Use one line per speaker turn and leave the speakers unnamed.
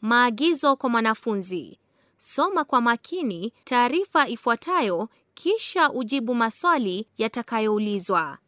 Maagizo kwa mwanafunzi: soma kwa makini taarifa ifuatayo, kisha ujibu maswali yatakayoulizwa.